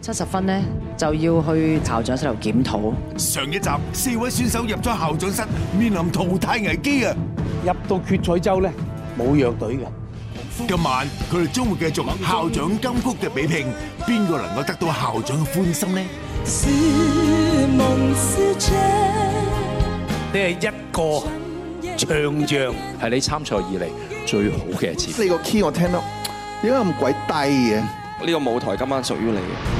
七十分咧，就要去校長室度檢討。上一集四位選手入咗校長室，面臨淘汰危機啊！入到決賽周咧，冇弱隊嘅。今晚佢哋將會繼續校長金曲嘅比拼，邊個能夠得到校長嘅歡心呢？你係一個唱將，係你參賽以嚟最好嘅一次。四個 key 我聽得點解咁鬼低嘅？呢個舞台今晚屬於你嘅。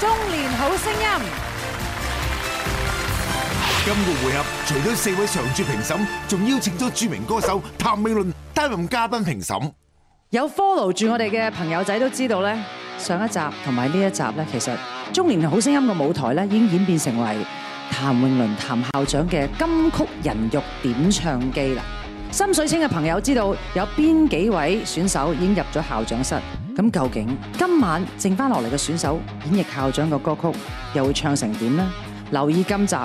中年好聲音，今個回合除咗四位常駐評審，仲邀請咗著名歌手譚詠麟擔任嘉賓評審。有 follow 住我哋嘅朋友仔都知道呢，上一集同埋呢一集呢，其實中年好聲音嘅舞台呢已經演變成為譚詠麟譚校長嘅金曲人肉點唱機啦。心水清嘅朋友知道有邊幾位選手已經入咗校長室？咁究竟今晚剩下落嚟嘅選手演繹校長的歌曲，又會唱成麼呢？留意今集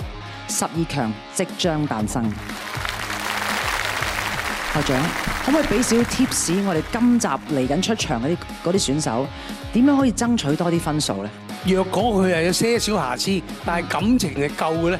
十二強即將誕生。校長可唔可以俾少 tips 我哋，今集嚟出場嗰啲些選手，點樣可以爭取多啲分數呢？若果佢係有些少瑕疵，但係感情係夠嘅呢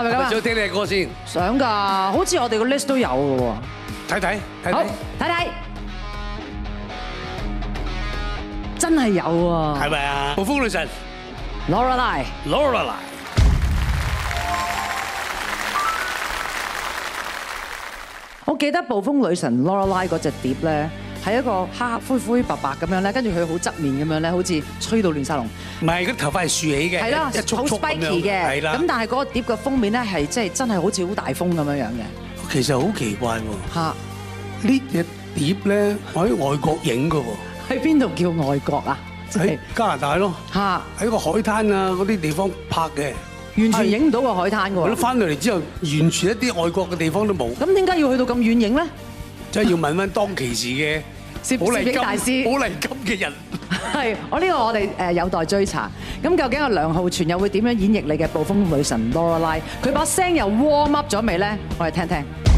我想聽你嘅歌先，想噶，好似我哋個 list 都有嘅喎。睇睇，睇睇，睇睇，真係有喎。係咪啊？暴風女神，Lorelei，Lorelei。我記得暴風女神 Lorelei 嗰隻碟咧。係一個黑黑灰灰白白咁樣咧，跟住佢好側面咁樣咧，好似吹到亂晒龍。唔係，嗰、那、啲、個、頭髮係豎起嘅，了一簇簇咁樣嘅。係啦的，咁了但係嗰個碟嘅封面咧係即係真係好似好大風咁樣樣嘅。其實好奇怪喎。呢隻、啊、碟咧喺外國影嘅喎。喺邊度叫外國啊？喺、就是、加拿大咯。嚇！喺個海灘啊嗰啲地方拍嘅，完全影唔到個海灘嘅喎。返到嚟之後完全一啲外國嘅地方都冇。咁點解要去到咁遠影咧？即係要問翻當其時嘅攝影大師、寶利金嘅人，係我呢個我哋誒，有待追查。咁究竟阿梁浩銓又會點樣演繹你嘅暴風女神 Lola，佢把聲又 warm up 咗未咧？我哋聽聽。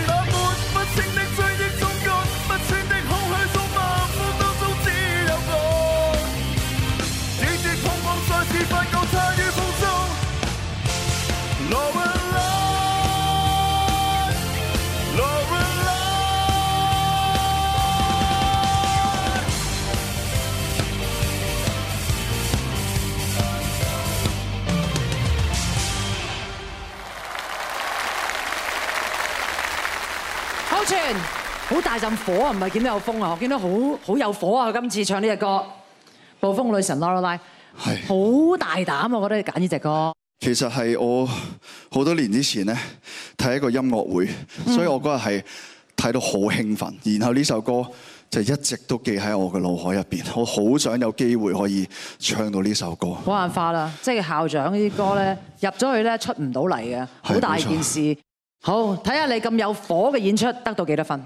大陣火啊！唔係見到有風啊，我見到好好有火啊。佢今次唱呢隻歌《暴風女神》（La La La） 好大膽啊！我覺得你揀呢隻歌其實係我好多年之前咧睇一個音樂會，所以我嗰日係睇到好興奮。然後呢首歌就一直都記喺我嘅腦海入邊，我好想有機會可以唱到呢首歌。冇辦法啦，即係校長呢啲歌咧入咗去咧出唔到嚟嘅，好大一件事。好睇下你咁有火嘅演出得到幾多少分？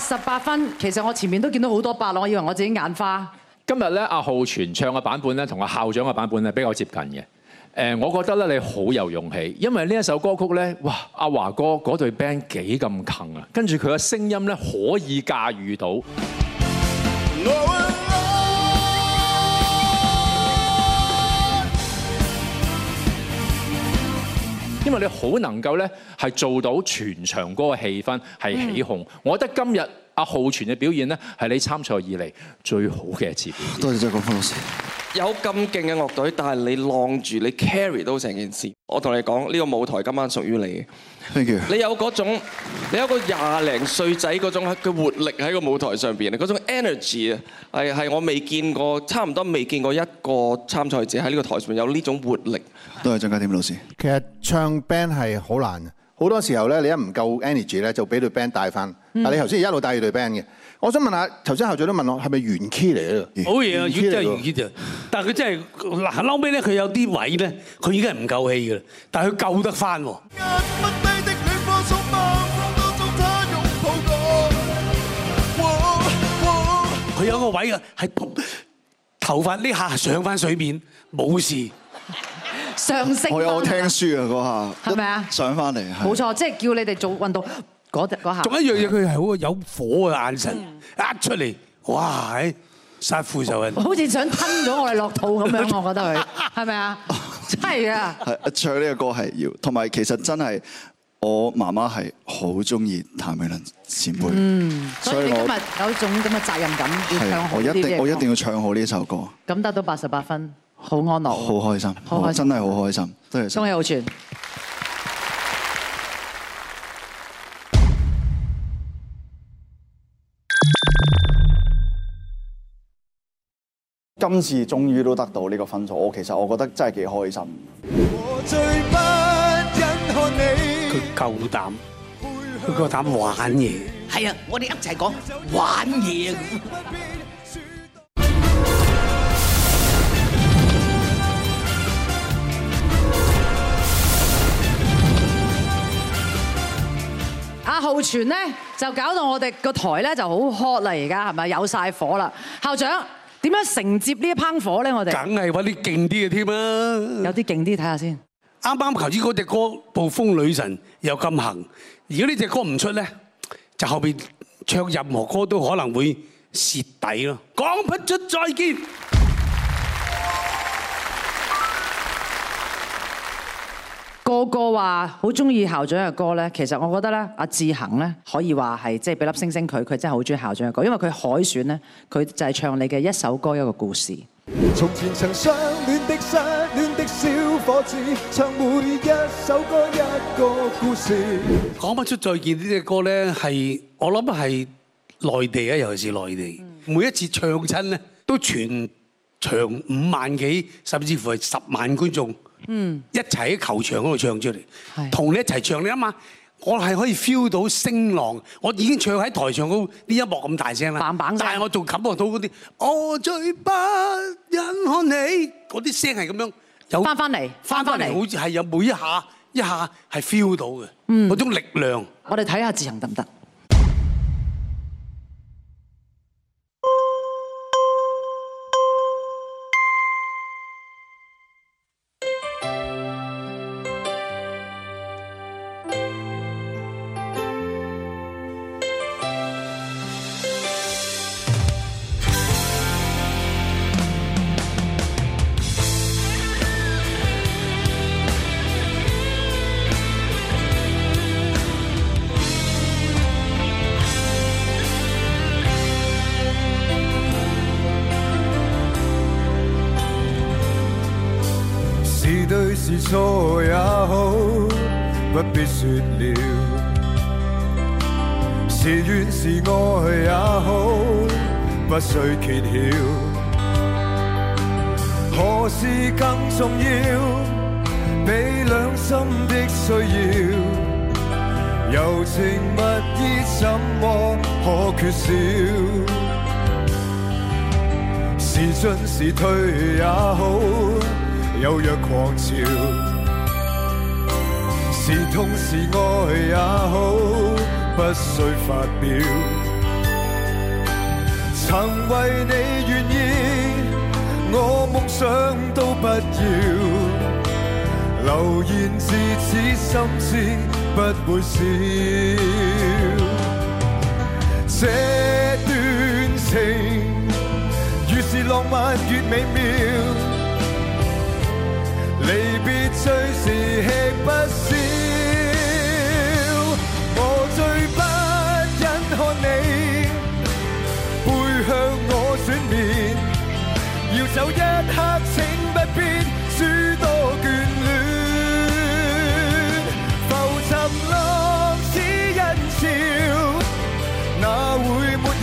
十八分，其實我前面都見到好多八咯，我以為我自己眼花今呢。今日咧，阿浩銓唱嘅版本咧，同阿校長嘅版本咧比較接近嘅。誒，我覺得咧，你好有勇氣，因為呢一首歌曲咧，哇！阿、啊、華哥嗰隊 band 幾咁強啊，跟住佢嘅聲音咧可以駕馭到。因為你好能夠咧，係做到全場嗰個氣氛係起哄、嗯。我覺得今日。阿浩銓嘅表現咧，係你參賽以嚟最好嘅一次。多謝張家峰老師。有咁勁嘅樂隊，但係你浪住，你 carry 到成件事我跟。我同你講，呢個舞台今晚屬於你。你有嗰種，你有個廿零歲仔嗰種嘅活力喺個舞台上邊，嗰種 energy 啊，係係我未見過，差唔多未見過一個參賽者喺呢個台上面有呢種活力。多謝，謝張家添老師。其實唱 band 係好難，好多時候咧，你一唔夠 energy 咧，就俾對 band 帶翻。嗱，你頭先一路帶住隊 band 嘅，我想問下，頭先校長都問我係咪原 K e y 嚟嘅？好嘢啊，完真係原 K e y 啊！但係佢真係嗱，嬲尾咧佢有啲位咧，佢已經係唔夠氣嘅，但係佢救得翻。佢有個位嘅係嗎頭髮呢下上翻水面，冇事上升我。我有聽書啊嗰下，係咪啊？上翻嚟，冇錯，即、就、係、是、叫你哋做運動。嗰下，仲一樣嘢，佢係好有火嘅眼神，一對吧 出嚟，哇！喺殺父仇人，好似想吞咗我哋落肚咁樣，我覺得佢係咪啊？係啊！係阿 的唱呢個歌係要，同埋其實真係我媽媽係好中意譚詠麟前輩，嗯，所以我今日有種種咁嘅責任感要唱好我一定我一定要唱好呢首歌，咁得到八十八分，好安樂，好開心，真係好開心，對，恭喜浩銓。今次終於都得到呢個分數，我其實我覺得真係幾開心。佢夠膽，佢夠膽玩嘢。係啊，我哋一齊講玩嘢。阿浩銓咧就搞到我哋個台咧就好 hot 啦，而家係咪有曬火啦？校長。點樣承接呢班火呢一捧火咧？我哋梗係揾啲勁啲嘅添啦！有啲勁啲睇下先。啱啱頭先嗰隻歌《暴風女神》又咁行。如果呢隻歌唔出咧，就後邊唱任何歌都可能會蝕底咯。講不出再見。個個話好中意校長嘅歌咧，其實我覺得咧，阿志恒咧可以話係即係俾粒星星佢，佢真係好中意校長嘅歌，因為佢海選咧，佢就係唱你嘅一首歌一個故事。從前曾相戀的失戀的小伙子，唱每一首歌一個故事。講不出再見呢隻歌咧，係我諗係內地啊，尤其是內地，嗯、每一次唱親咧都全場五萬幾，甚至乎係十萬觀眾。嗯，一齊喺球場嗰度唱出嚟，同是的 你一齊唱你啊嘛！我係可以 feel 到聲浪，我已經唱喺台上嗰啲音樂咁大聲啦，棒棒聲，但係我仲感覺到嗰啲我最不忍看你嗰啲聲係咁樣有返返嚟，返返嚟，來來好似係有每一下一下係 feel 到嘅，嗰、嗯、種力量。我哋睇下自行得唔得？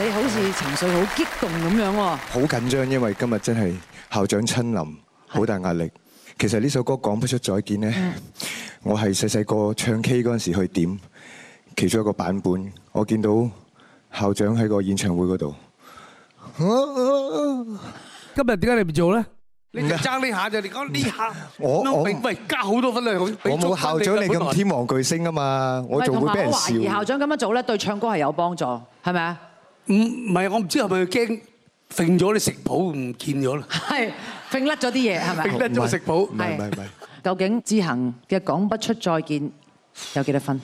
你好似情緒好激動咁樣喎，好緊張，因為今日真係校長親臨，好大壓力。其實呢首歌講不出再見呢，我係細細個唱 K 嗰陣時去點其中一個版本，我見到校長喺個演唱會嗰度。今日點解你唔做咧？你爭呢下就你講呢下，我唔係加好多分量，我冇校長你咁天王巨星啊嘛，我仲會俾人笑。而校長咁樣做咧，對唱歌係有幫助，係咪啊？唔，唔係，我唔知係咪驚揈咗啲食譜唔見咗咯。係揈甩咗啲嘢，係咪？揈甩咗食譜。唔係唔係。究竟志恒嘅講不出再見有幾多分？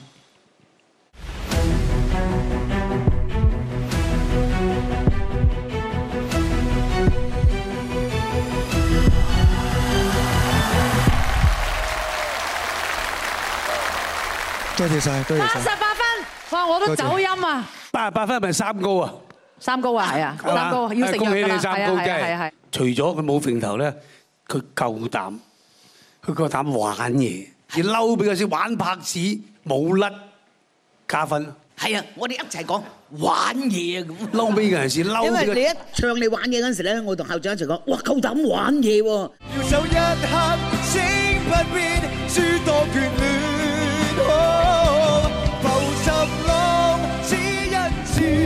多謝晒，多謝晒。哇！我都走音啊！八十八分係咪三高啊？三高啊，係啊，高壓高，要恭喜你，三高真係，係係。除咗佢冇平頭咧，佢夠膽，佢夠膽玩嘢。佢嬲比較少，玩拍子冇甩加分。係啊，我哋一齊講玩嘢咁。嬲比較少嬲。因為你一唱你玩嘢嗰陣時咧，我同校長一齊講，哇夠膽玩嘢喎！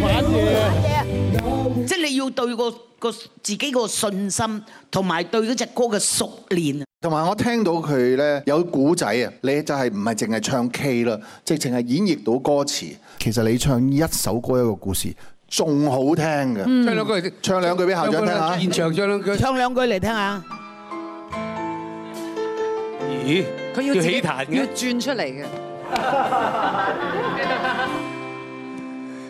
玩嘢，即係你要對個個自己個信心，同埋對嗰隻歌嘅熟練。同埋我聽到佢咧有古仔啊！你就係唔係淨係唱 K 啦，直情係演繹到歌詞。其實你唱一首歌一個故事，仲好聽嘅。嗯，唱兩句，唱兩句俾校長聽下。現場唱兩句，唱兩句嚟聽下。咦？佢要彈要轉出嚟嘅。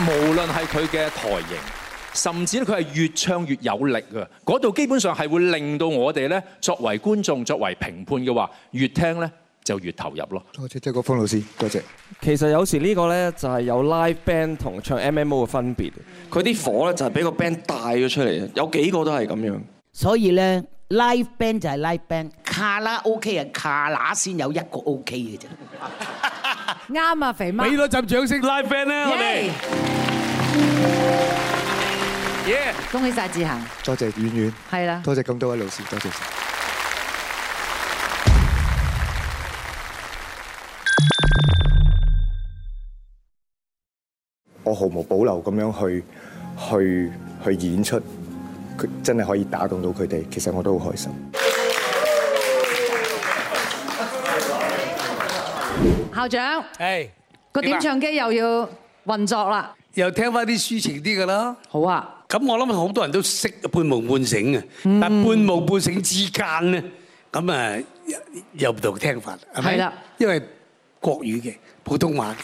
無論係佢嘅台型，甚至佢係越唱越有力啊！嗰度基本上係會令到我哋咧，作為觀眾、作為評判嘅話，越聽咧就越投入咯。多謝謝郭峰老師，多謝。其實有時呢個咧就係有 live band 同唱 MMO 嘅分別，佢啲火咧就係俾個 band 帶咗出嚟，有幾個都係咁樣。所以咧，live band 就係 live band，卡拉 OK 啊，卡拉先有一個 OK 嘅啫。啱啊，肥媽！俾多陣掌聲，live band 咧，我哋。耶！恭喜曬志恒。多謝，謝婉婉。係啦，多謝咁多位老師，多謝，謝。我毫無保留咁樣去去去演出，佢真係可以打動到佢哋。其實我都好開心。校長，係個點唱機又要運作啦，又聽翻啲抒情啲嘅啦。好啊，咁我諗好多人都識半夢半醒嘅，但半夢半醒之間咧，咁啊又唔同聽法係咪？係啦，因為國語嘅普通話嘅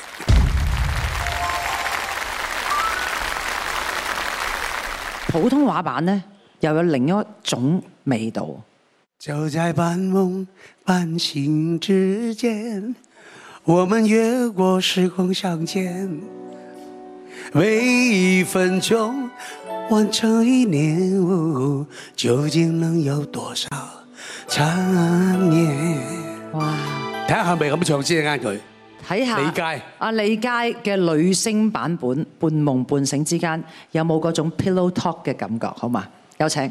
普通話版咧，又有另一種味道。就在半夢半醒之間。我們越過時空相見，每一分鐘完成一年，嗚，究竟能有多少纏綿哇，睇下係咪咁長先。你啱佢，睇下李佳，阿李佳嘅女聲版本《半夢半醒之間》，有冇嗰種 pillow talk 嘅感覺？好嘛，有請。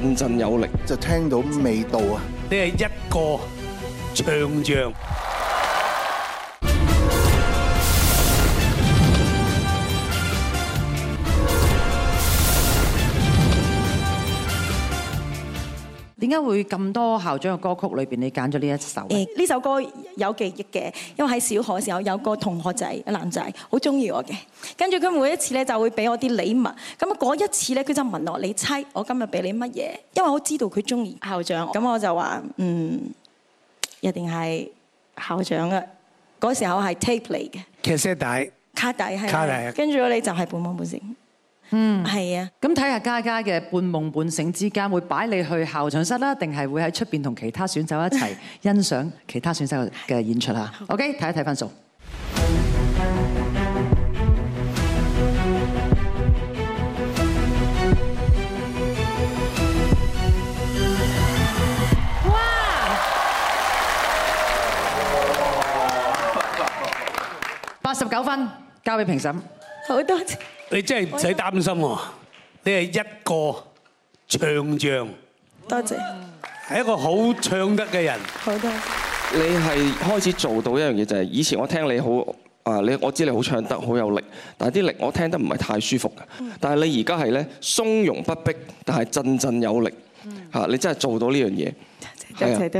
陣陣有力，就聽到味道啊！呢係一個唱將。點解會咁多校長嘅歌曲裏邊，你揀咗呢一首？誒，呢首歌有記憶嘅，因為喺小學時候有個同學仔，男仔好中意我嘅。跟住佢每一次咧就會俾我啲禮物，咁嗰一次咧佢就問我：你猜我今日俾你乜嘢？因為我知道佢中意校長，咁我就話：嗯，一定係校長呀。嗰時候係 tape 嚟嘅，卡式帶，卡底係啦，跟住你就係冇本冇聲。嗯，係啊。咁睇下嘉嘉嘅半夢半醒之間，會擺你去校長室啦，定係會喺出邊同其他選手一齊欣賞其他選手嘅演出啦。OK，睇一睇分數。哇！八十九分，交俾評審。好多謝你，真係唔使擔心喎，你係一個唱將，多謝，係一個好唱得嘅人。好多謝你係開始做到一樣嘢，就係以前我聽你好啊，你，我知你好唱得，好有力，但係啲力我聽得唔係太舒服嘅。但係你而家係咧，從容不迫，但係陣陣有力嚇，你真係做到呢樣嘢。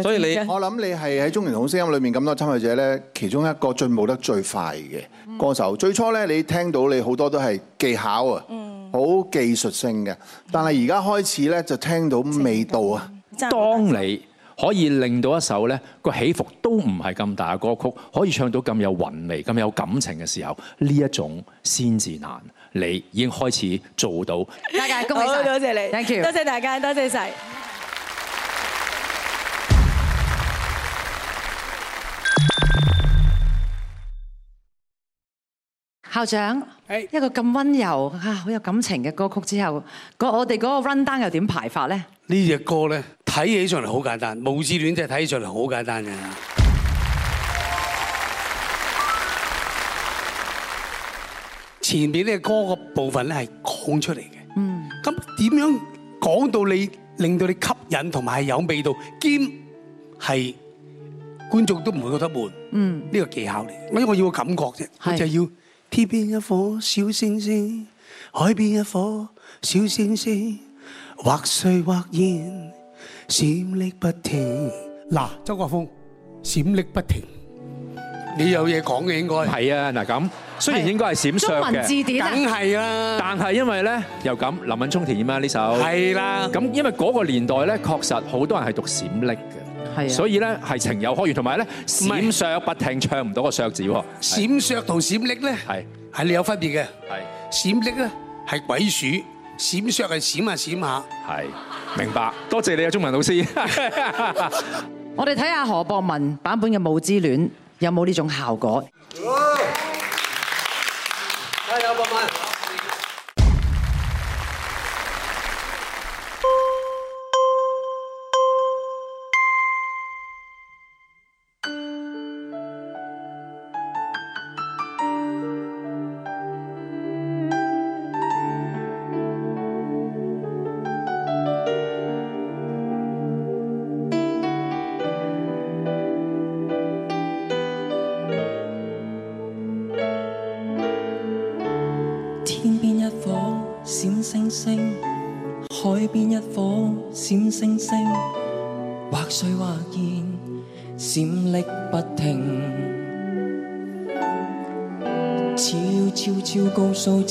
所以你我諗你係喺中年好聲音裏面咁多參賽者咧，其中一個進步得最快嘅歌手。最初咧，你聽到你好多都係技巧啊，好技術性嘅。但係而家開始咧，就聽到味道啊。真當你可以令到一首咧個起伏都唔係咁大嘅歌曲，可以唱到咁有韻味、咁有感情嘅時候，呢一種先至難。你已經開始做到。多謝你，多謝大家，多謝晒。謝謝你。校長，一個咁溫柔嚇、好有感情嘅歌曲之後，個我哋嗰個 run down 又點排法咧？呢隻歌咧，睇起上嚟好簡單，《無字戀》真係睇起上嚟好簡單嘅。前面呢隻歌個部分咧係講出嚟嘅，嗯，咁點樣講到你令到你吸引同埋有味道，兼係觀眾都唔會覺得悶，嗯，呢個技巧嚟。因為我要個感覺啫，就係要。天邊一顆小星星，海邊一顆小星星，或碎或現，閃瀝不停。嗱，周國峰，閃瀝不停，你有嘢講嘅應該係啊。嗱咁，雖然應該係閃爍嘅，中文字典梗係啦。但係因為咧又咁，林敏聰填啊呢首，係啦。咁因為嗰個年代咧，確實好多人係讀閃瀝。是啊、所以咧係情有可原，同埋咧閃爍不停唱唔到個爍字喎。閃爍同閃匿咧係係你有分別嘅。係是是閃匿咧係鬼鼠，閃爍係閃下閃下。係明白，多謝，謝你啊，中文老師。 我哋睇下何博文版本嘅《舞之戀》有冇呢種效果。加油，博文。.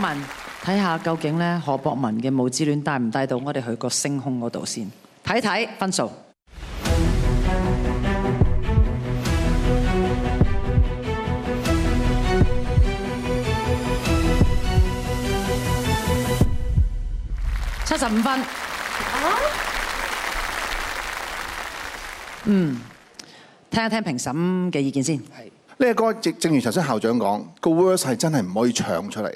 問睇下究竟咧，何博文嘅《霧之戀》帶唔帶到我哋去個星空嗰度先，睇睇分數七十五分。嗯，聽一聽評審嘅意見先。係呢個歌正正如頭先校長講，個 verse 係真係唔可以唱出嚟。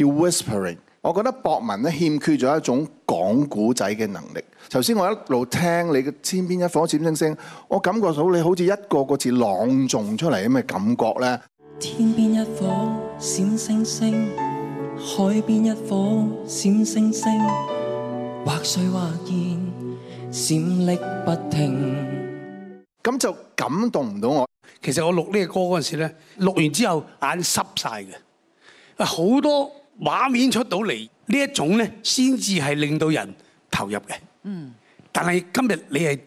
You whispering，我覺得博文咧欠缺咗一種講古仔嘅能力。頭先我一路聽你嘅天邊一顆閃星星，我感覺到你好似一個個字朗誦出嚟咁嘅感覺咧。天邊一顆閃星星，海邊一顆閃星星，或碎或現，閃爍不停。咁就感動唔到我。其實我錄呢個歌嗰陣時咧，錄完之後眼濕曬嘅，好多。畫面出到嚟呢一種咧，先至係令到人投入嘅。嗯，但係今日你係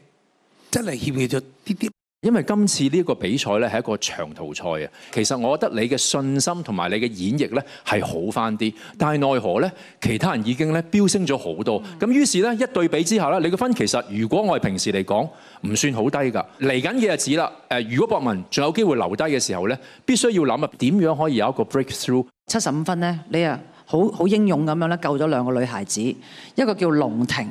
真係欠缺咗啲啲。因為今次呢個比賽咧係一個長途賽啊。其實我覺得你嘅信心同埋你嘅演繹咧係好翻啲。但係奈何呢，其他人已經咧飆升咗好多。咁、嗯、於是呢，一對比之下咧，你嘅分其實如果我哋平時嚟講唔算好低噶。嚟緊嘅日子啦，誒，如果博文仲有機會留低嘅時候呢，必須要諗啊，點樣可以有一個 breakthrough。七十五分呢，你啊好好英勇咁樣咧救咗兩個女孩子，一個叫龍婷，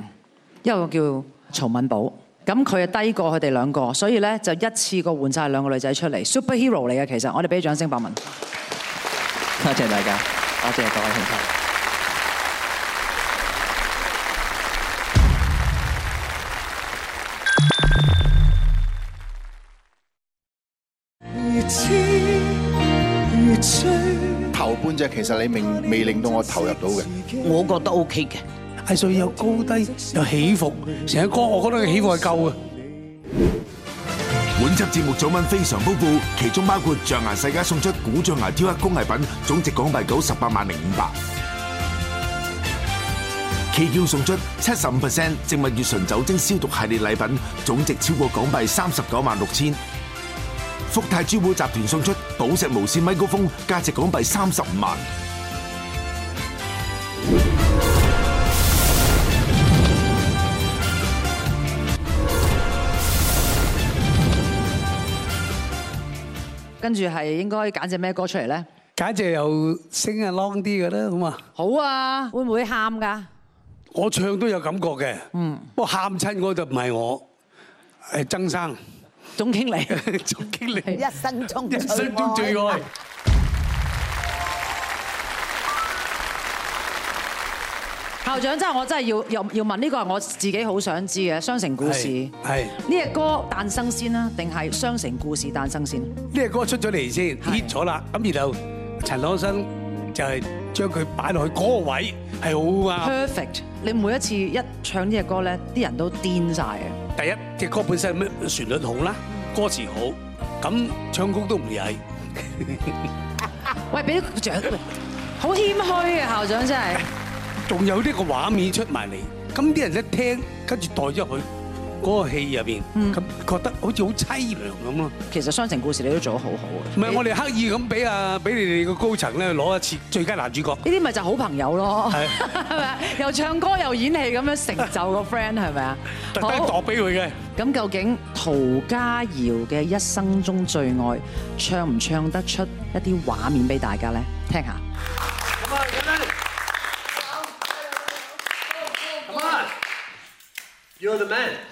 一個叫曹敏寶。咁佢啊低過佢哋兩個，所以呢，就一次過換晒兩個女仔出嚟，superhero 嚟嘅。其實我哋俾掌聲，博文多謝大家，多謝,謝各位兄其實你未未令到我投入到嘅，我覺得 OK 嘅。藝術有高低，有起伏，成個歌我覺得嘅起伏係夠嘅。本集節目獎品非常豐富，其中包括象牙世家送出古象牙雕刻工藝品，總值港幣九十八萬零五百；旗耀送出七十五%植物乙醇酒精消毒系列禮品，總值超過港幣三十九萬六千；福泰珠寶集團送出。寶石無線咪高峰價值港幣三十五萬，跟住係應該揀隻咩歌出嚟咧？揀隻又聲啊 long 啲嘅啦，好嘛？好啊，會唔會喊噶？我唱都有感覺嘅，嗯，不過喊親嗰度唔係我，係曾生。總經理，總經理，一生中最一生中最愛。校長，真係我真係要要要問呢個係我自己好想知嘅《雙城故事》。係。呢隻歌誕生先啦，定係《雙城故事》誕生先？呢隻歌出咗嚟先，hit 咗啦，咁然後陳朗生就係將佢擺落去嗰個位，係，好啊。Perfect！你每一次一唱呢隻歌咧，啲人都癲曬嘅。第一隻歌本身係咩旋律好啦，歌詞好，咁唱功都唔曳。喂，俾啲掌，好謙虛呀校長真係。仲有呢個畫面出埋嚟，咁啲人一聽，跟住代咗入去。嗰個戲入邊，咁覺得好似好淒涼咁咯。其實《雙城故事》你都做得好好啊。唔係，我哋刻意咁俾阿俾你哋個高層咧攞一次最佳男主角。呢啲咪就好朋友咯，係咪？又唱歌又演戲咁樣成就個 friend 係咪啊？特登賡俾佢嘅。咁究竟涂家堯嘅一生中最愛唱唔唱得出一啲畫面俾大家咧？聽下。咁啊，你嚟。Come on，you're the man。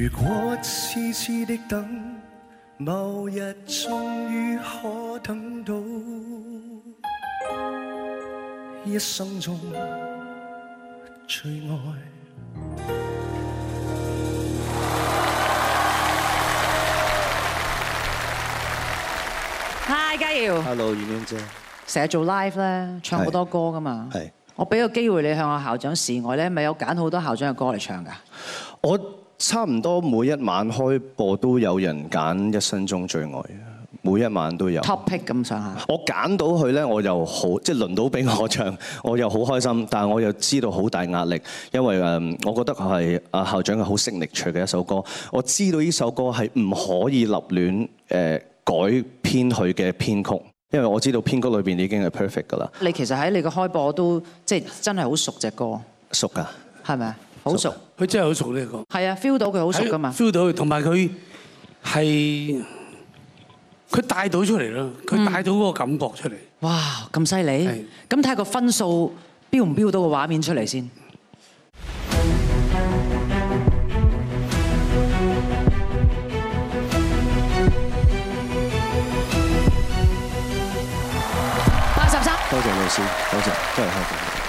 如果痴痴的等，某日終於可等到一生中最愛你。Hi 佳瑤，Hello 雨欣姐，成日做 live 咧，唱好多歌噶嘛。係，是的我俾個機會你向我校長示愛咧，咪有揀好多校長嘅歌嚟唱噶。我。差唔多每一晚開播都有人揀一生中最愛，每一晚都有 topic 咁上下。我揀到佢呢，我又好即係輪到俾我唱，我又好開心。但係我又知道好大壓力，因為誒，我覺得佢係阿校長嘅好識力出嘅一首歌。我知道呢首歌係唔可以立亂誒改編佢嘅編曲，因為我知道編曲裏邊已經係 perfect 㗎啦。你其實喺你嘅開播都即係真係好熟隻歌，熟㗎的，係咪？好熟，佢真係好熟呢個。係啊，feel 到佢好熟噶嘛。feel 到佢，同埋佢係佢帶到出嚟咯，佢帶到嗰個感覺出嚟。哇，咁犀利！咁睇下個分數標唔標到個畫面出嚟先。八十三。多謝老師，多謝，真係開心。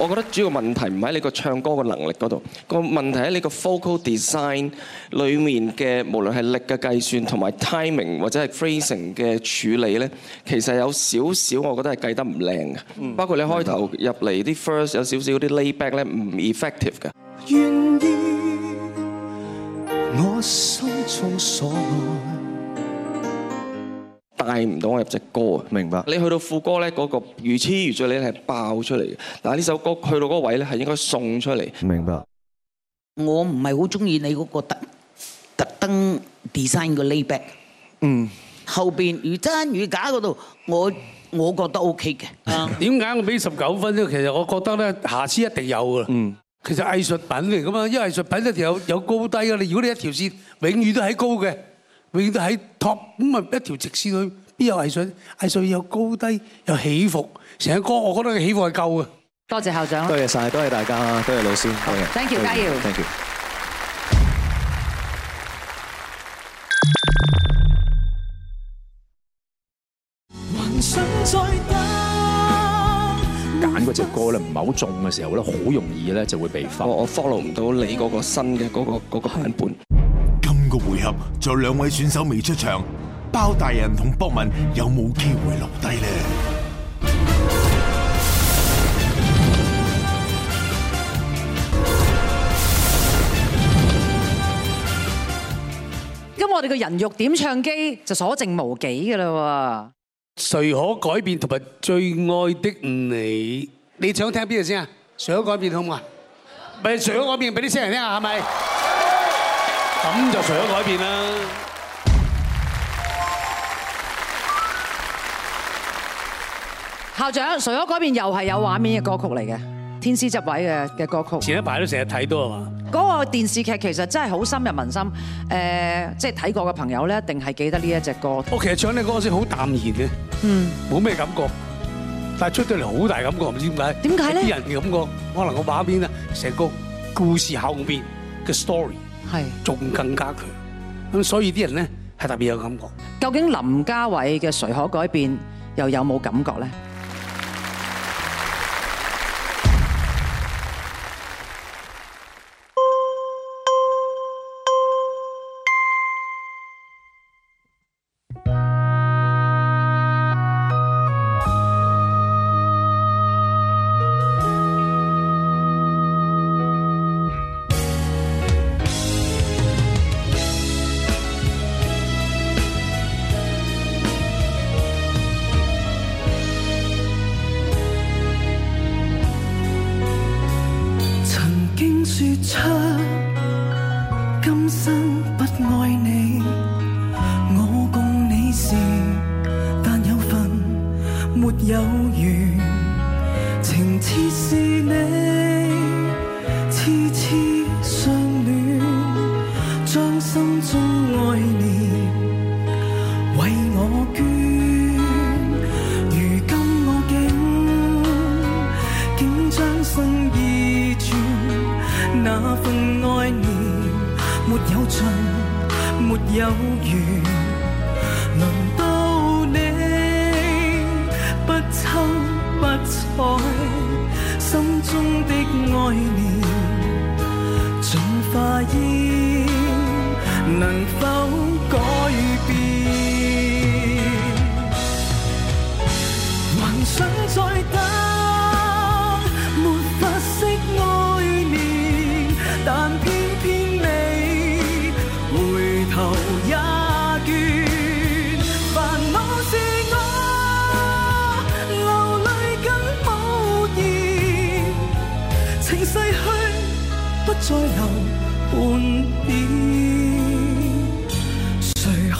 我覺得主要問題唔喺你個唱歌嘅能力嗰度，個問題喺你個 vocal design 裏面嘅，無論係力嘅計算同埋 timing 或者係 phrasing 嘅處理呢，其實有少少我覺得係計得唔靚嘅。包括你開頭入嚟啲 first 有少少啲 layback 呢，唔 effective 嘅。願意我心中所愛。嗌唔到我入隻歌啊！明白。你去到副歌咧，嗰個如痴如醉，你係爆出嚟嘅。嗱，呢首歌去到嗰位咧，係應該送出嚟。明白。我唔係好中意你嗰個特特登 design 個 lay back。嗯。後邊如真如假嗰度，我我覺得 OK 嘅。啊，點解我俾十九分啫？其實我覺得咧，瑕疵一定有嘅。嗯。其實藝術品嚟噶嘛，因為藝術品一條有有高低噶啦。你如果你一條線永遠都喺高嘅。永遠都喺 top，咁啊一條直線去，邊有藝術？藝術有高低，有起伏。成個歌，我覺得佢起伏係夠嘅。多謝校長。多謝晒，多謝大家，多謝老師。好，Thank you，加油！Thank you。揀嗰隻歌咧，唔係好中嘅時候咧，好容易咧就會被 follow。我 follow 唔到你嗰個新嘅嗰個嗰個版本。回合仲有兩位選手未出場，包大人同博文有冇機會留低咧？咁我哋個人肉點唱機就所剩無幾㗎喇喎！誰可改變同埋最愛的你？你想聽邊度先啊？誰可改變好唔好啊？咪誰可改變俾啲聲人聽下係咪？咁就除咗改變啦，校長，除咗改變又係有畫面嘅歌曲嚟嘅，《天師執位》嘅嘅歌曲。前一排都成日睇到啊嘛？嗰個電視劇其實真係好深入民心，誒，即係睇過嘅朋友咧，一定係記得呢一隻歌。我其實唱呢歌先好淡然嘅，嗯，冇咩感覺，但係出到嚟好大感覺，唔知點解，點解呢？啲人嘅感覺，可能個畫面啊，成個故事後面嘅 story。係，仲更加強，咁所以啲人咧係特別有感覺。究竟林鉫徫嘅誰可改變，又有冇感覺呢？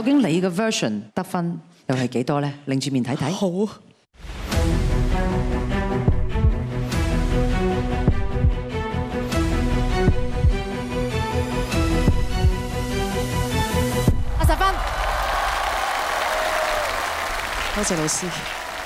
究竟你嘅 version 得分又係幾多咧？擰住面睇睇。好。阿十分，多謝老師。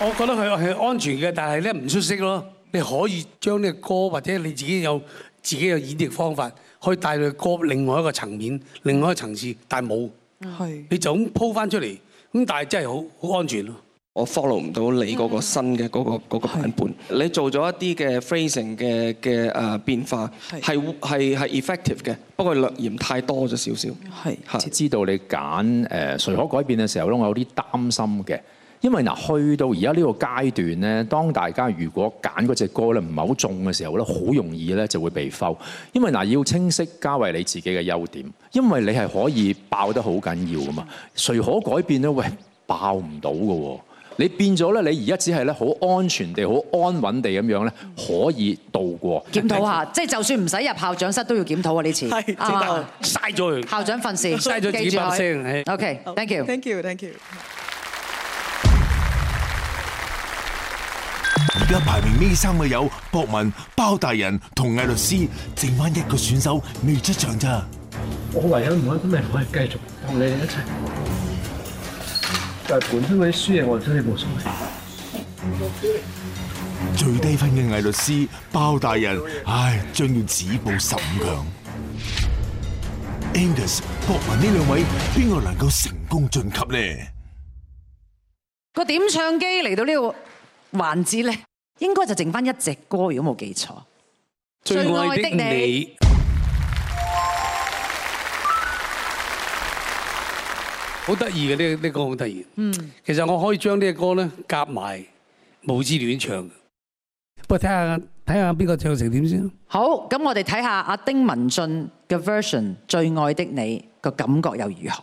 我覺得佢係安全嘅，但係咧唔出色咯。你可以將呢個歌或者你自己有自己嘅演繹方法，可以帶佢嘅歌另外一個層面、另外一個層次，但係冇。係，是你就咁鋪翻出嚟，咁但係真係好好安全咯。我 follow 唔到你嗰、嗰個新嘅嗰個版本。是你做咗一啲嘅 phrasing 嘅嘅誒變化，係係係 effective 嘅，不過略嫌太多咗少少。係是，是知道你揀誒誰可改變嘅時候咧，我有啲擔心嘅。因為嗱，去到而家呢個階段咧，當大家如果揀嗰隻歌咧唔係好中嘅時候咧，好容易咧就會被否。因為嗱，要清晰加為你自己嘅優點，因為你係可以爆得好緊要噶嘛。誰可改變咧？喂，爆唔到噶喎。你變咗咧，你而家只係咧好安全地、好安穩地咁樣咧，可以度過檢討下。Thank you. 即係就算唔使入校長室都要檢討啊！呢 次係啊，嘥咗 吧校長份事，嘥咗紙筆先。O K，thank you，thank you，thank you。而家排名呢三個有博文、包大人同魏律師，剩翻一個選手未出場咋？我唯有唔開心，咪可以繼續同你哋一齊。但係本身嗰啲輸贏，我真係冇所謂。最低分嘅魏律師、包大人，唉，將要止步十五強。Anders、博文呢兩位邊個能夠成功晉級咧？個點唱機嚟到呢個環節咧？應該就剩翻一隻歌，如果冇記錯，《最愛的你》好得意嘅呢？呢歌好得意。嗯，其實我可以將呢個歌咧夾埋舞姿亂唱，不過睇下睇下邊個唱成點先。好，咁我哋睇下阿丁文俊嘅 version《最愛的你》個感覺又如何？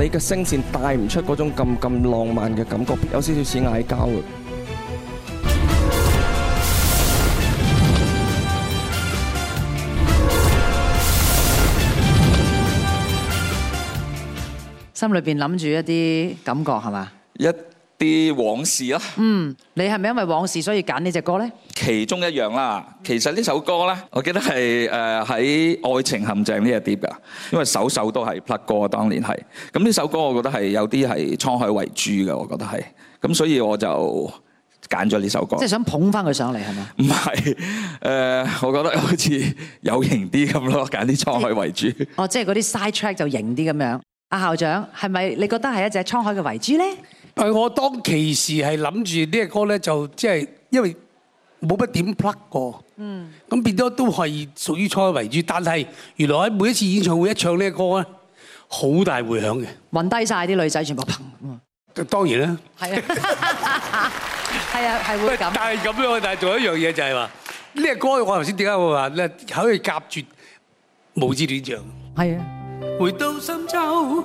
你嘅聲線帶唔出嗰種咁咁浪漫嘅感覺，有少少似嗌交啊！心裏邊諗住一啲感覺係嘛？一啲往事啦，嗯，你係咪因為往事所以揀呢隻歌咧？其中一樣啦，其實呢首歌咧，我記得係誒喺愛情陷阱呢個碟噶，因為首首都係 plug 歌的。當年係咁呢首歌，我覺得係有啲係滄海遺珠噶，我覺得係咁，所以我就揀咗呢首歌，即係想捧翻佢上嚟係咪？唔係，誒、呃，我覺得好似有型啲咁咯，揀啲滄海遺珠、欸、哦，即係嗰啲 side track 就型啲咁樣。阿、啊、校長，係咪你覺得係一隻滄海嘅遺珠咧？係。我當其時係諗住呢個歌咧，就即係因為冇乜點 plug 過，咁、嗯、變咗都係屬於初為主。但係原來喺每一次演唱會一唱呢個歌咧，好大迴響嘅。暈低晒啲女仔，全部嘭啊！當然啦，係啊是的，係 啊，係會咁。但係咁樣，但係仲有一樣嘢就係、是、話，呢個歌我頭先點解會話咧，可以夾住無知亂唱？係啊的，回到深秋。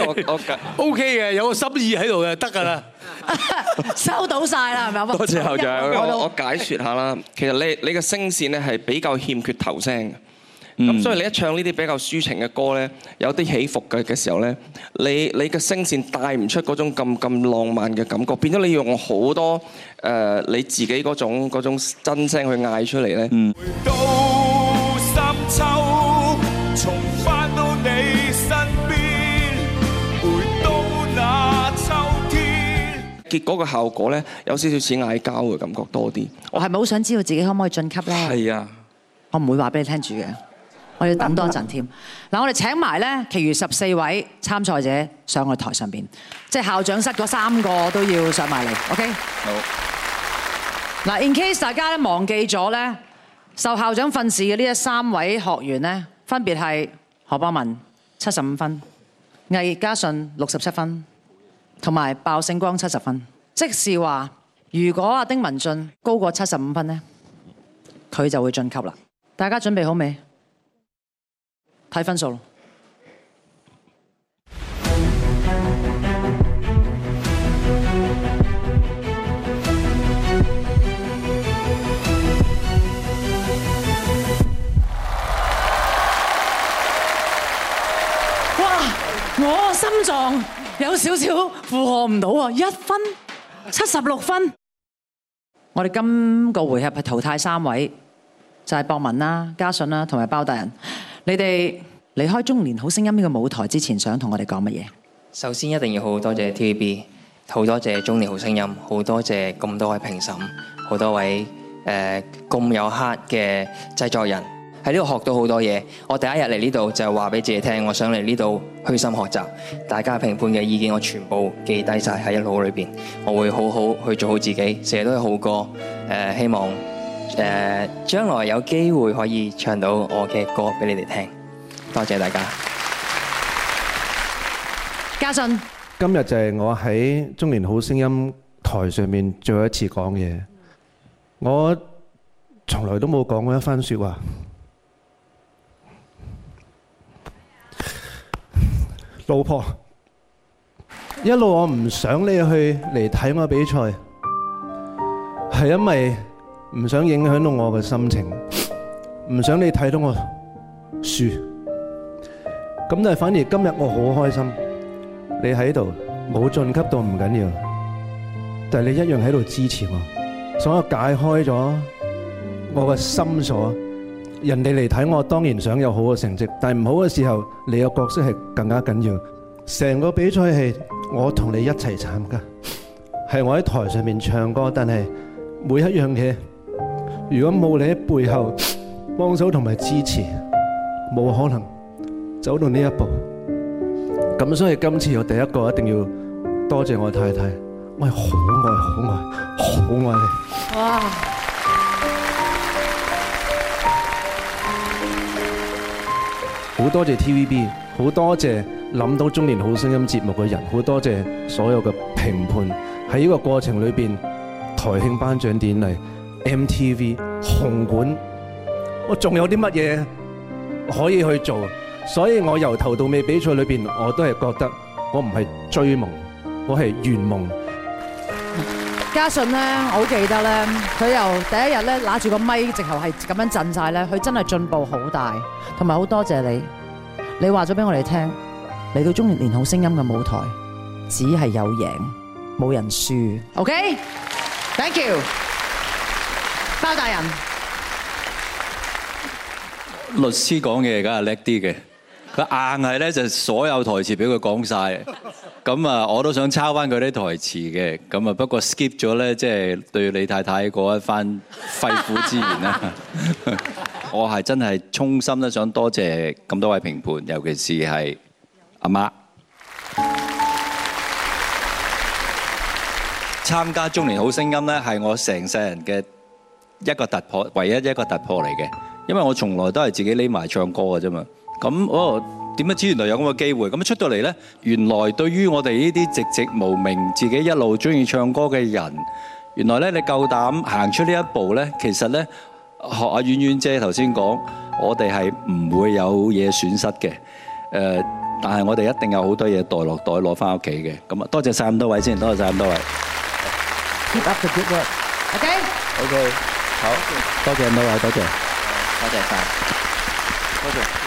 我 O K 嘅，有個心意喺度嘅，得噶啦，收到晒啦，係咪？多謝校長，我解説下啦。其實你你嘅聲線咧係比較欠缺頭聲，咁所以你一唱呢啲比較抒情嘅歌咧，有啲起伏嘅嘅時候咧，你你嘅聲線帶唔出嗰種咁咁浪漫嘅感覺，變咗你要用好多誒你自己嗰種嗰種真聲去嗌出嚟咧。結果個效果咧，有少少似嗌交嘅感覺多啲。我係咪好想知道自己可唔可以晉級咧？係是啊，我唔會話俾你聽住嘅，我要等多陣添。嗱了，我哋請埋咧，其餘十四位參賽者上我台上邊，即係校長室嗰三個都要上埋嚟。O K。好。嗱好，In case 大家咧忘記咗咧，受校長訓示嘅呢一三位學員咧，分別係何博文七十五分，魏嘉信六十七分。同埋爆星光七十分，即是話，如果阿丁文俊高過七十五分呢，佢就會晉級啦。大家準備好未？睇分數。哇！我心臟。有少少負荷唔到啊，一分七十六分。我哋今個回合係淘汰三位，就係、是、博文啦、嘉信啦同埋包大人。你哋離開《中年好聲音》呢個舞台之前想跟，想同我哋講乜嘢？首先一定要好多謝 TVB，好多謝《中年好聲音》，好多謝咁多位評審，好多位誒咁、呃、有黑嘅製作人。喺呢度學到好多嘢。我第一日嚟呢度就係話俾自己聽，我想嚟呢度虛心學習。大家評判嘅意見，我全部記低晒喺腦裏邊。我會好好去做好自己，成日都係好歌。希望誒將來有機會可以唱到我嘅歌俾你哋聽。多謝大家。家信，今日就係我喺中年好聲音台上面最後一次講嘢。我從來都冇講過一番說話。老婆，一路我唔想你去嚟睇我嘅比賽，係因為唔想影響到我嘅心情，唔想你睇到我輸。咁但係反而今日我好開心，你喺度冇晉級到唔緊要，但係你一樣喺度支持我，所以我解開咗我嘅心鎖。人哋嚟睇我，當然想有好嘅成績。但係唔好嘅時候，你嘅角色係更加緊要。成個比賽係我同你一齊參加，係我喺台上面唱歌，但係每一樣嘢，如果冇你喺背後幫手同埋支持，冇可能走到呢一步。咁所以今次我第一個一定要多謝我太太，我係好愛、好愛、好愛你。哇！好多謝 TVB，好多謝諗到中年好聲音節目嘅人，好多謝所有嘅評判。喺呢個過程裏邊，台慶頒獎典禮、MTV 紅館，我仲有啲乜嘢可以去做？所以我由頭到尾比賽裏邊，我都係覺得我唔係追夢，我係圓夢。嘉信呢，我好記得呢。佢由第一日呢，拿住個咪，直頭係咁樣震晒呢。佢真係進步好大，同埋好多謝你，你話咗俾我哋聽，你到中年好聲音嘅舞台，只係有贏，冇人輸。OK，Thank you，包大人，律師講嘢梗係叻啲嘅。佢硬係咧，就所有台詞俾佢講晒。咁啊，我都想抄翻佢啲台詞嘅。咁啊，不過 skip 咗咧，即係對李太太嗰一番肺腑之言啦。 我係真係衷心都想多謝咁多位評判，尤其是係阿媽。參加中年好聲音咧，係我成世人嘅一個突破，唯一一個突破嚟嘅。因為我從來都係自己匿埋唱歌嘅啫嘛。咁哦，點不知原來有咁嘅機會，咁出到嚟咧，原來對於我哋呢啲寂寂無名、自己一路中意唱歌嘅人，原來咧你夠膽行出呢一步咧，其實咧學阿婉婉姐頭先講，我哋係唔會有嘢損失嘅。誒，但係我哋一定有好多嘢袋落袋攞翻屋企嘅。咁啊，多謝曬咁多位先，多謝曬咁多位。Keep up the good work，OK？OK，好，多謝咁多位，多謝，多謝曬，多謝。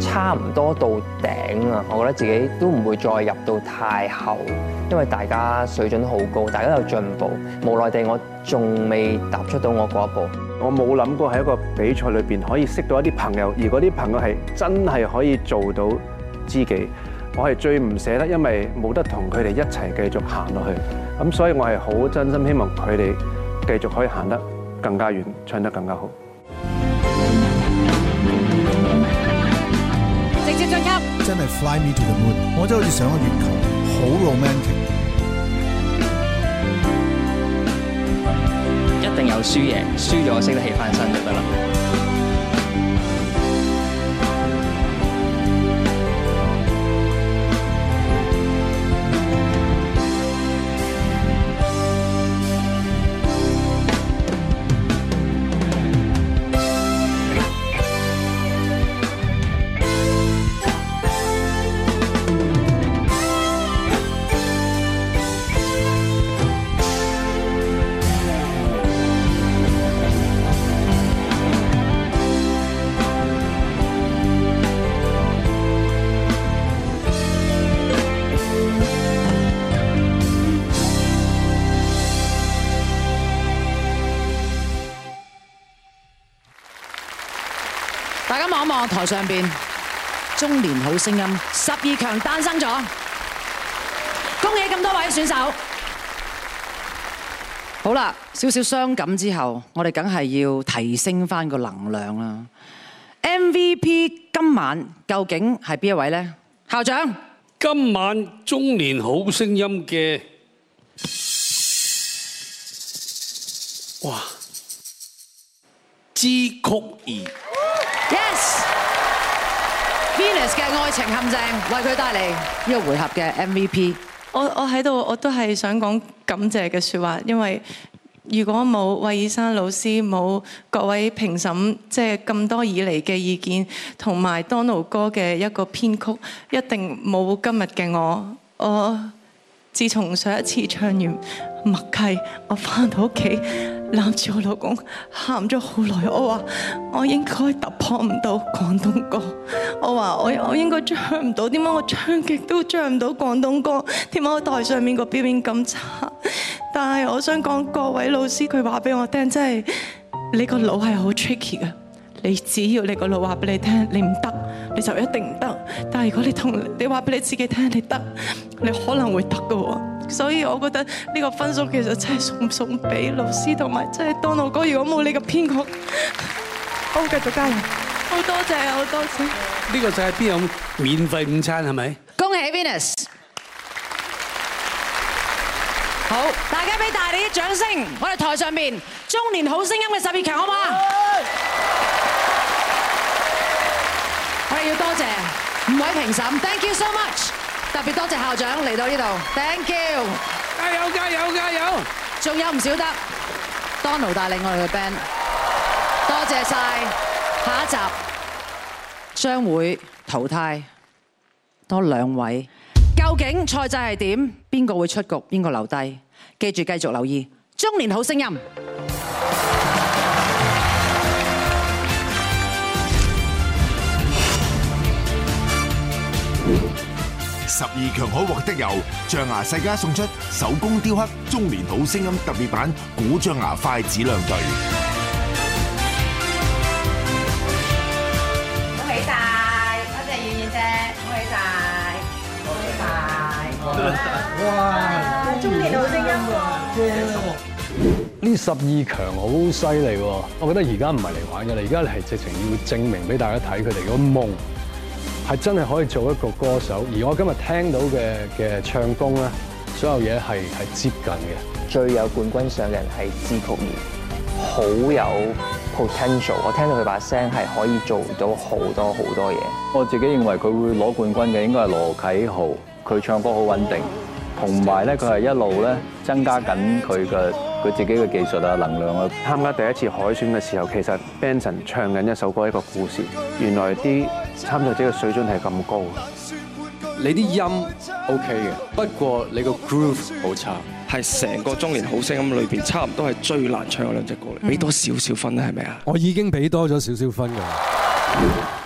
差唔多到頂啊！我覺得自己都唔會再入到太後，因為大家水準好高，大家有進步。無奈地，我仲未踏出到我嗰一步。我冇諗過喺一個比賽裏面可以識到一啲朋友，而嗰啲朋友係真係可以做到知己。我係最唔捨得，因為冇得同佢哋一齊繼續行落去。咁所以我係好真心希望佢哋繼續可以行得更加遠，唱得更加好。真係 fly me to the moon，我真係好似上咗月球，好 romantic。一定有輸贏，輸咗我識得起翻身就得啦。台上邊中年好聲音十二強誕生咗，恭喜咁多位選手。好啦，少少傷感之後，我哋梗係要提升翻個能量啦。MVP 今晚究竟係邊一位呢？校長，今晚中年好聲音嘅哇之曲兒。Yes，Venus 嘅愛情陷阱為佢帶嚟一個回合嘅 MVP。我我喺度我都係想講感謝嘅説話，因為如果冇魏爾山老師，冇各位評審，即係咁多以嚟嘅意見，同埋 Donald 哥嘅一個編曲，一定冇今日嘅我。我自從上一次唱完《默契》，我翻到屋企。攬住我老公，喊咗好耐。我話：我應該突破唔到廣東歌。我話：我應該唱唔到啲乜，我唱極都唱唔到廣東歌。點解我台上面個表現咁差？但係我想講各位老師，佢話俾我聽，真係你個腦係好 tricky 㗎。你只要你個腦話俾你聽，你唔得，你就一定唔得。但係如果你同你話俾你自己聽，你得，你可能會得嘅。所以我覺得呢個分數其實真係送唔送俾老師同埋，真係當奴哥。如果冇你嘅編曲，好繼續加油，好多謝好多謝。呢個世界邊有免費午餐係咪？恭喜 Venus！好，大家俾大你啲掌聲，我哋台上面中年好聲音嘅十二強好唔好啊？要多謝五位評審，Thank you so much。特別多謝校長嚟到呢度，Thank you。加油加油加油！仲有唔少得 Donald 帶領我哋去 band，多謝晒。下一集將會淘汰多兩位，究竟賽制係點？邊個會出局？邊個留低？記住繼續留意《中年好聲音》。十二強可獲得由象牙世家送出手工雕刻中年好聲音特別版古象牙筷子兩對。恭喜晒，多謝婉婉姐，恭喜晒，恭喜晒！哇，中年好聲音喎，正喎！呢十二強好犀利喎，我覺得而家唔係嚟玩㗎喇，而家係直情要證明俾大家睇佢哋個夢係真係可以做一個歌手，而我今日聽到嘅嘅唱功咧，所有嘢係係接近嘅。最有冠軍相嘅人係朱曲面，好有 potential。我聽到佢把聲係可以做到好多好多嘢。我自己認為佢會攞冠軍嘅應該係羅啟豪，佢唱歌好穩定，同埋咧佢係一路咧增加緊佢嘅佢自己嘅技術啊、能量啊。參加第一次海選嘅時候，其實 Benson 唱緊一首歌一個故事，原來啲。參賽者嘅水準係咁高，你啲音 OK 嘅，不過你個 groove 好差，係成個中年好聲音裏邊，差唔多係最難唱嘅兩隻歌嚟，俾多少少分咧？係咪啊？我已經俾多咗少少分㗎。